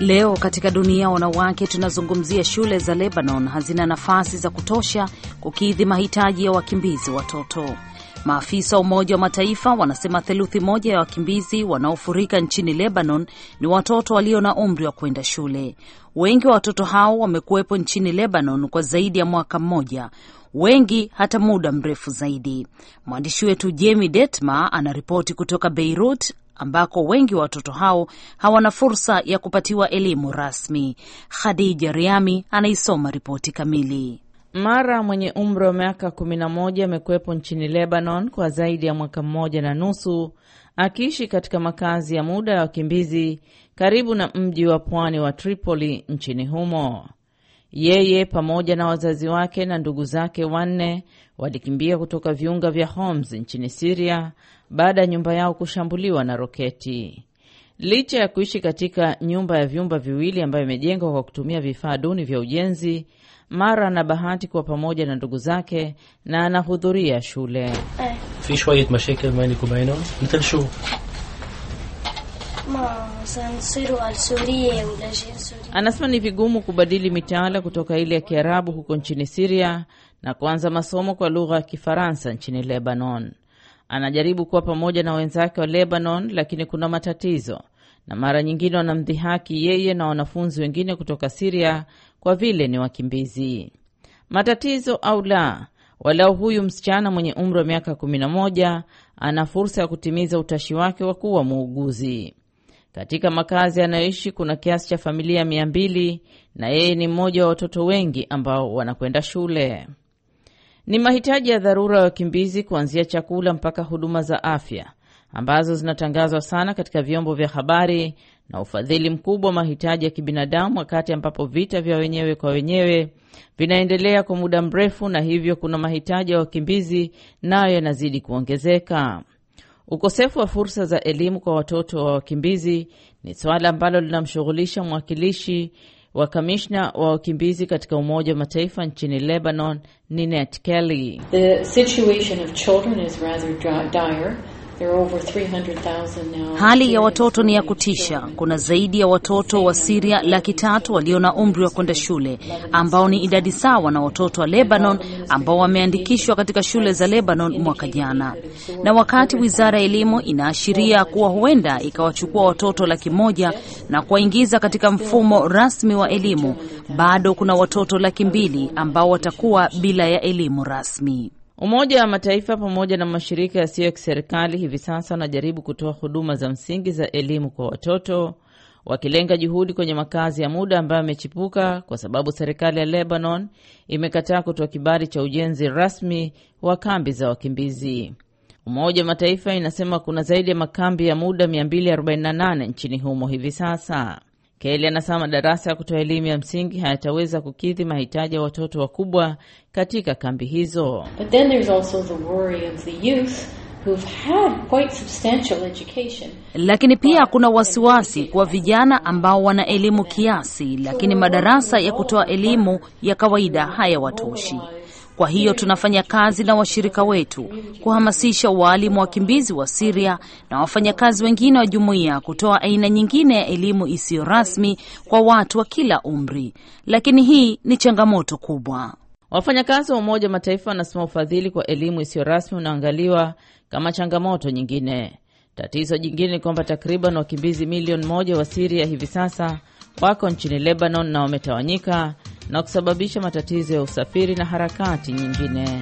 Leo katika dunia wanawake tunazungumzia shule za Lebanon hazina nafasi za kutosha kukidhi mahitaji ya wakimbizi watoto. Maafisa wa Umoja wa Mataifa wanasema theluthi moja ya wakimbizi wanaofurika nchini Lebanon ni watoto walio na umri wa kwenda shule. Wengi wa watoto hao wamekuwepo nchini Lebanon kwa zaidi ya mwaka mmoja, wengi hata muda mrefu zaidi. Mwandishi wetu Jemi Detma anaripoti kutoka Beirut, ambako wengi wa watoto hao hawana fursa ya kupatiwa elimu rasmi. Khadija Riami anaisoma ripoti kamili. Mara mwenye umri wa miaka 11 amekuwepo nchini Lebanon kwa zaidi ya mwaka mmoja na nusu akiishi katika makazi ya muda ya wakimbizi karibu na mji wa pwani wa Tripoli nchini humo. Yeye pamoja na wazazi wake na ndugu zake wanne walikimbia kutoka viunga vya Homs nchini Siria baada ya nyumba yao kushambuliwa na roketi. Licha ya kuishi katika nyumba ya vyumba viwili ambayo imejengwa kwa kutumia vifaa duni vya ujenzi, Mara ana bahati kuwa pamoja na ndugu zake na anahudhuria shule. Fi Anasema ni vigumu kubadili mitaala kutoka ile ya Kiarabu huko nchini Siria na kuanza masomo kwa lugha ya Kifaransa nchini Lebanon. Anajaribu kuwa pamoja na wenzake wa Lebanon, lakini kuna matatizo na mara nyingine wanamdhihaki yeye na wanafunzi wengine kutoka Siria kwa vile ni wakimbizi. Matatizo au la, walau huyu msichana mwenye umri wa miaka 11 ana fursa ya kutimiza utashi wake wa kuwa muuguzi. Katika makazi anayoishi kuna kiasi cha familia mia mbili na yeye ni mmoja wa watoto wengi ambao wanakwenda shule. Ni mahitaji ya dharura ya wakimbizi kuanzia chakula mpaka huduma za afya ambazo zinatangazwa sana katika vyombo vya habari na ufadhili mkubwa wa mahitaji ya kibinadamu, wakati ambapo vita vya wenyewe kwa wenyewe vinaendelea kwa muda mrefu, na hivyo kuna mahitaji ya wakimbizi nayo yanazidi kuongezeka. Ukosefu wa fursa za elimu kwa watoto wa wakimbizi ni suala ambalo linamshughulisha mwakilishi wa kamishna wa wakimbizi katika Umoja wa Mataifa nchini Lebanon, Ninette Kelly. Hali ya watoto ni ya kutisha. Kuna zaidi ya watoto wa Siria laki tatu walio na umri wa kwenda shule ambao ni idadi sawa na watoto wa Lebanon ambao wameandikishwa katika shule za Lebanon mwaka jana. Na wakati wizara ya elimu inaashiria kuwa huenda ikawachukua watoto laki moja na kuwaingiza katika mfumo rasmi wa elimu, bado kuna watoto laki mbili ambao watakuwa bila ya elimu rasmi. Umoja wa Mataifa pamoja na mashirika yasiyo ya kiserikali hivi sasa wanajaribu kutoa huduma za msingi za elimu kwa watoto wakilenga juhudi kwenye makazi ya muda ambayo yamechipuka kwa sababu serikali ya Lebanon imekataa kutoa kibali cha ujenzi rasmi wa kambi za wakimbizi. Umoja wa Mataifa inasema kuna zaidi ya makambi ya muda 248 nchini humo hivi sasa. Keli anasema madarasa ya kutoa elimu ya msingi hayataweza kukidhi mahitaji ya watoto wakubwa katika kambi hizo. But then there's also the worry of the youth who've had quite substantial education. Lakini pia kuna wasiwasi kwa vijana ambao wana elimu kiasi, lakini madarasa ya kutoa elimu ya kawaida hayawatoshi. Kwa hiyo tunafanya kazi na washirika wetu kuhamasisha waalimu wakimbizi wa Siria na wafanyakazi wengine wa jumuiya kutoa aina nyingine ya elimu isiyo rasmi kwa watu wa kila umri, lakini hii ni changamoto kubwa. Wafanyakazi wa Umoja wa Mataifa wanasema ufadhili kwa elimu isiyo rasmi unaangaliwa kama changamoto nyingine. Tatizo jingine ni kwamba takriban wakimbizi milioni moja wa Siria hivi sasa wako nchini Lebanon na wametawanyika na kusababisha matatizo ya usafiri na harakati nyingine.